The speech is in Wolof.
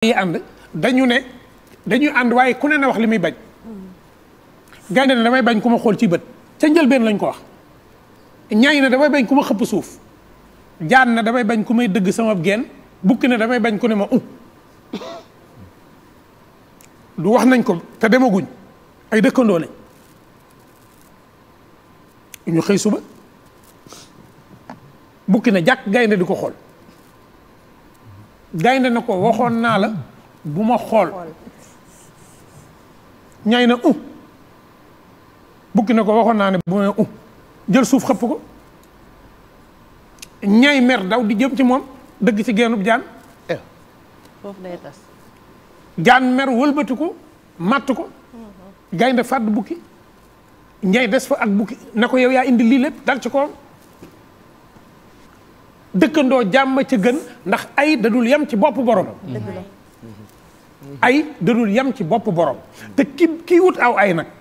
yi dañu ne dañuy ànd waaye ku ne na wax li muy bañ gaynde ne damay bañ ku ma xool ci bët ca njëlbeen lañ ko wax ñaay na damay bañ ku ma xëpp suuf jaan na damay bañ ku may dëgg sama genn bukki na damay bañ ku ne ma u du wax nañ ko te demaguñ ay dëkkandoo lañ ñu xëy suba bukki na jàkk gaynde di ko xool gaynde na ko waxoon naa la bu ma xool ñay na u bukki na ko waxoon naa ne bu ma u jël suuf xëpp ko ñay mer daw di jëm ci moom dëgg ci geenub jaan eh. foofu day jaan mer wëlbati ko màtt ko mm-hmm. gaynde fàdd bukki ñay des fa ak bukki na ko yow yaa indi lii lépp dal ci koom dëkkandoo jàmm ci gën ndax ay dadul yem ci boppu borom ay dadul yem ci boppu borom te kii wut aw ay nag